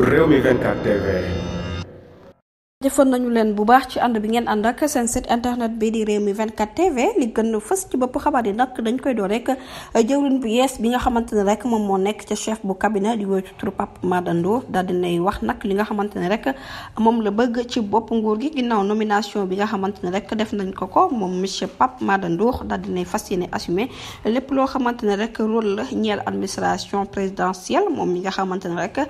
Rewmi 24 TV defon nañu len bu baax ci and bi ngeen and ak sen site internet bi di rewmi 24 TV li gën fess ci bopp xabar yi nak dañ koy do rek eh, jëwlin bu yes bi nga xamantene rek mom mo nek ci chef bu cabinet di woy tour pap madando dal di nay wax nak li nga xamantene rek mom la bëgg ci bop nguur gi ginnaw nomination bi nga xamantene rek def nañ ko ko mom monsieur pap madando dal di nay fasiyene assumer lepp lo xamantene rek rôle la ñeel administration présidentielle mom mi nga xamantene rek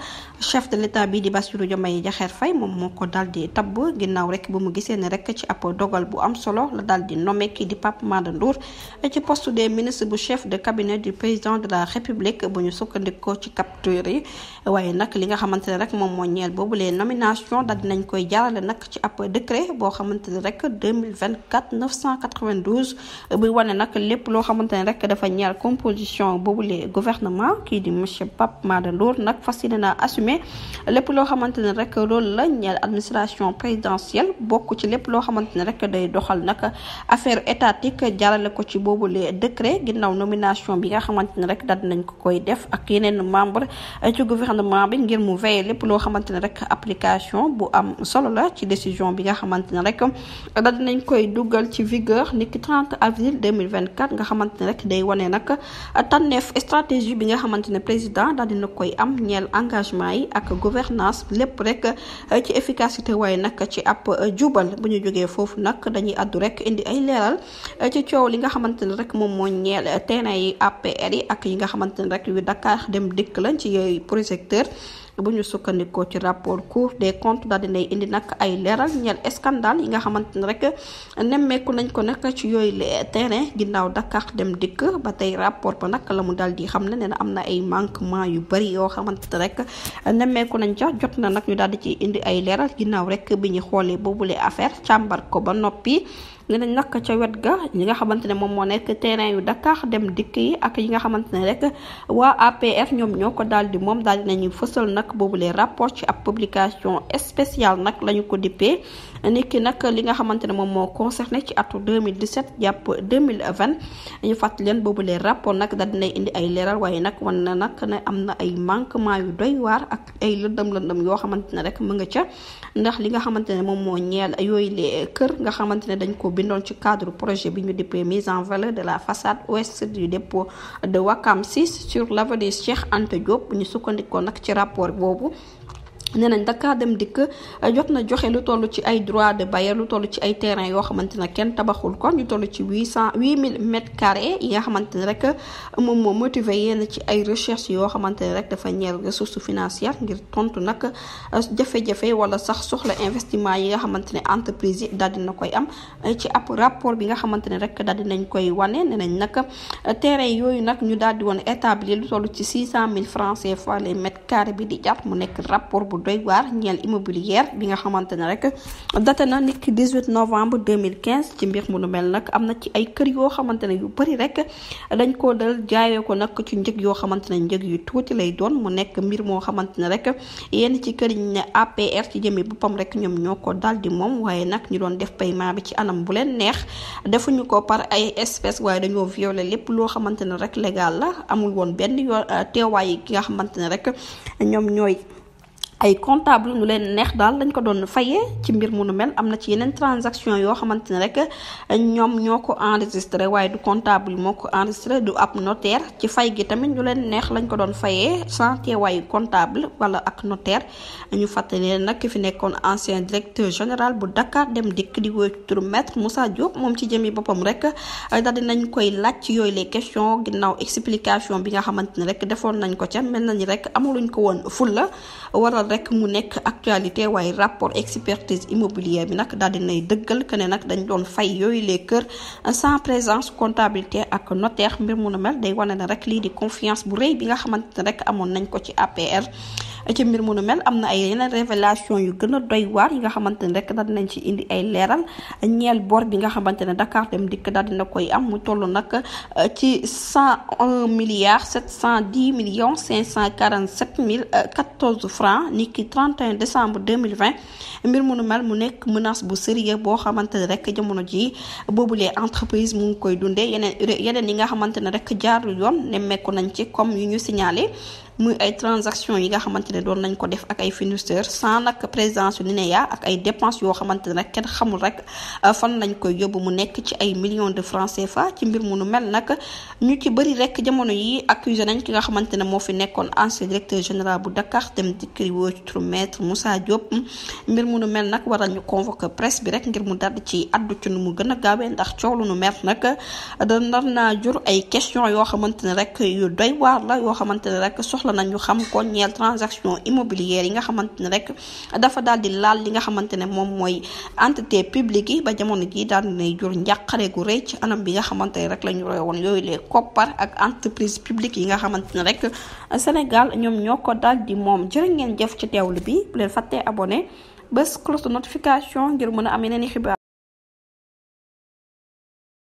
chef de l'état bi di Bassirou jomay jaxer fay mom moko dal di tabb ginnaaw rek bu mu gisee ne rek ci ab dogal bu am solo la daal di nommé kii di Pape Mada Ndour ci poste des ministres bu chef de cabinet du président de la république bu ñu sukkandikoo ci capture yi waaye nag li nga xamante ne rek moom moo ñeel boobu les nomination daal dinañ koy jaarale nag ci ab décret boo xamante ne rek 2024 992 buy wane nag lépp loo xamante ne rek dafa ñeel composition boobu les gouvernement kii di monsieur Pape Mada Ndour nag fas yéene naa lépp loo xamante ne rek loolu la ñeel administration élection présidentielle bokk ci lépp loo xamante ne rek day doxal nag affaire étatique jaarale ko ci boobu le décret ginnaaw nomination bi nga xamante ne rek dal nañ ko koy def ak yeneen membre ci gouvernement bi ngir mu veiller lépp loo xamante ne rek application bu am solo la ci décision bi nga xamante ne rek dal nañ koy dugal ci vigueur niki 30 avril 2024 nga xamante ne rek day wane nag tànneef stratégie bi nga xamante ne président dal dina koy am ñeel engagement yi ak gouvernance lépp rek ci efficacité waaye nag ci ab eh, jubal bu ñu jógee foofu nag dañuy addu rek indi ay leeral eh, ci coow li nga xamante ne rek moom moo ñeel eh, terrain yi APR ak yi nga xamante ne rek yu dem dikk lañ ci yooyu projecteur bu ñu sukkandikoo ci rapport cour de comptes daal dinay indi nag ay leeral ñeel scandale yi nga xamante ne rek nemmeeku nañ ko nag ci yooyu terrain ginnaaw Dakar dem dikk ba tey rapport ba nag la mu daal di xam ne nee na am na ay manquement yu bari yoo xamante ne rek nemmeeku nañ ca jot na nag ñu daal di ci indi ay leeral ginnaaw rek bi ñu xoolee le affaire càmbar ko ba noppi. nañ nak ca wet ga ñi nga xamantene mom mo nek terrain yu Dakar dem dik yi ak yi nga xamantene rek wa APR ñom ñoko daldi mom daldi nañu fessel nak bobu les rapports ci ab publication spéciale nak lañu ko dippé niki nak li nga xamantene mom mo concerné ci atu 2017 japp 2020 ñu fat leen bobu les rapports nak daldi nay indi ay leral waye nak won na nak na amna ay manquement yu doy war ak ay lëndëm lëndëm yo xamantene rek mënga ca ndax li nga xamantene mom mo ñeel yoy les kër nga xamantene dañ ko Dans ci cadre projet de mise en valeur de la façade ouest du dépôt de Wakam 6 sur l'avenue Cheikh Anta Diop nous ñu sukkandikoo ci rapport boobu nee nañ Dakar dem dikk jot na joxe lu toll ci ay droit de bailleur lu toll ci ay terrain yoo xamante ne kenn tabaxul ko ñu toll ci huit cent huit mille mètres carrés yi nga xamante ne rek moom moo motivé yenn ci ay recherche yoo xamante ne rek dafa ñeel ressource financière ngir tontu nag jafe wala sax soxla investissement yi nga xamante ne entreprise yi daal dina koy am ci ab rapport bi nga xamante ne rek daal dinañ koy wane nee nañ nag terrain yooyu nag ñu daal di woon établir lu toll ci six cent mille francs CFA les mètres carrés bi di jàpp mu nekk rapport bu. doy waar ñeel immobilière bi nga xamante ne rek date na nit ki 18 novembre 2015 ci mbir mu nu mel nag am na ci ay kër yoo xamante ne yu bëri rek dañ koo dal jaaye ko nag ci njëg yoo xamante ne njëg yu tuuti lay doon mu nekk mbir moo xamante ne rek yenn ci kër yi ne APR ci jëmee boppam rek ñoom ñoo ko dal di moom waaye nag ñu doon def paiement bi ci anam bu leen neex defuñu ko par ay espèces waaye dañoo violer lépp loo xamante ne rek légal la amul woon benn yoo euh, teewaay ki nga xamante ne rek ñoom ñooy ay comptable ñu leen neex daal lañ ko doon fayee ci mbir mu nu mel am na ci yeneen transaction yoo xamante ne rek ñoom ñoo ko enregistré waaye du comptable moo ko enregistré du ab notaire ci fay gi tamit ñu leen neex lañ ko doon fayee sans teewaayu comptable wala ak notaire ñu fàttali nag ki fi nekkoon ancien directeur général bu Dakar dem dikk di woy turu maître Moussa Diop moom ci jëmi boppam rek daal dinañ koy laaj ci yooyu les questions ginnaaw explication bi nga xamante ne rek defoon nañ ko ca mel nañ ni rek amuluñ ko woon fulla waral rek mu nekk actualité waaye rapport expertise immobilière bi nag daal dinay dëggal que ne nag dañ doon fay yooyu les kër sans présence comptabilité ak notaire mbir mu nu mel day wane na rek lii di confiance bu rëy bi nga xamante ne rek amoon nañ ko ci APR ci mbir mu nu mel am na ay yeneen révélation yu gën a doy waar yi nga xamante ne rek daal dinañ ci indi ay leeral ñeel bor bi nga xamante ne Dakar dem dikk daal dina koy am mu toll nag euh, ci cent un milliard sept cent dix millions cinq cent quarante sept mille euh, quatorze francs ni ki 31 décembre 2020 mbir mu nu mel mu nekk menace bu sérieux boo xamante ne rek jamono ji boobulee entreprise mu ngi koy dundee yeneen yeneen yi nga xamante ne rek jaarul yoon nemmeeku nañ ci comme yu ñu signalé muy ay transactions yi nga xamante ne doon nañ ko def ak ay fournisseurs sans nag présence yu NINEA ak ay dépenses yoo xamante ne nag kenn xamul rek euh, fan lañ koy yóbbu mu nekk ci ay millions de francs CFA ci mbir mu nu mel nag ñu ci bëri rek jamono yi accusé nañ ki nga xamante ne moo fi nekkoon ancien directeur général bu Dakar dem dikki woo ci turu maître Moussa Diop mbir mu nu mel nag waral ñu convoqué presse bi rek ngir mu daldi ci addu ci nu mu gën a gaawee ndax coow lu nu mer nag da euh, nar naa jur ay questions yoo xamante ne rek doy waar la yoo xamante ne rek soxla soxla nañu xam kon transaction immobilière yi nga xamante rek dafa daal di laal li nga xamante ne moom mooy entité publique yi ba jamono jii daal dinay jur njàqare gu rëy ci anam bi nga xamante ne rek la ñu roy woon yooyu les koppar ak entreprise publique yi nga xamante ne rek Sénégal ñoom ñoo ko daal di moom jërë ngeen jëf ci teewlu bi bu leen fàttee abonné bés cloche de notification ngir mën a am yeneen xibaar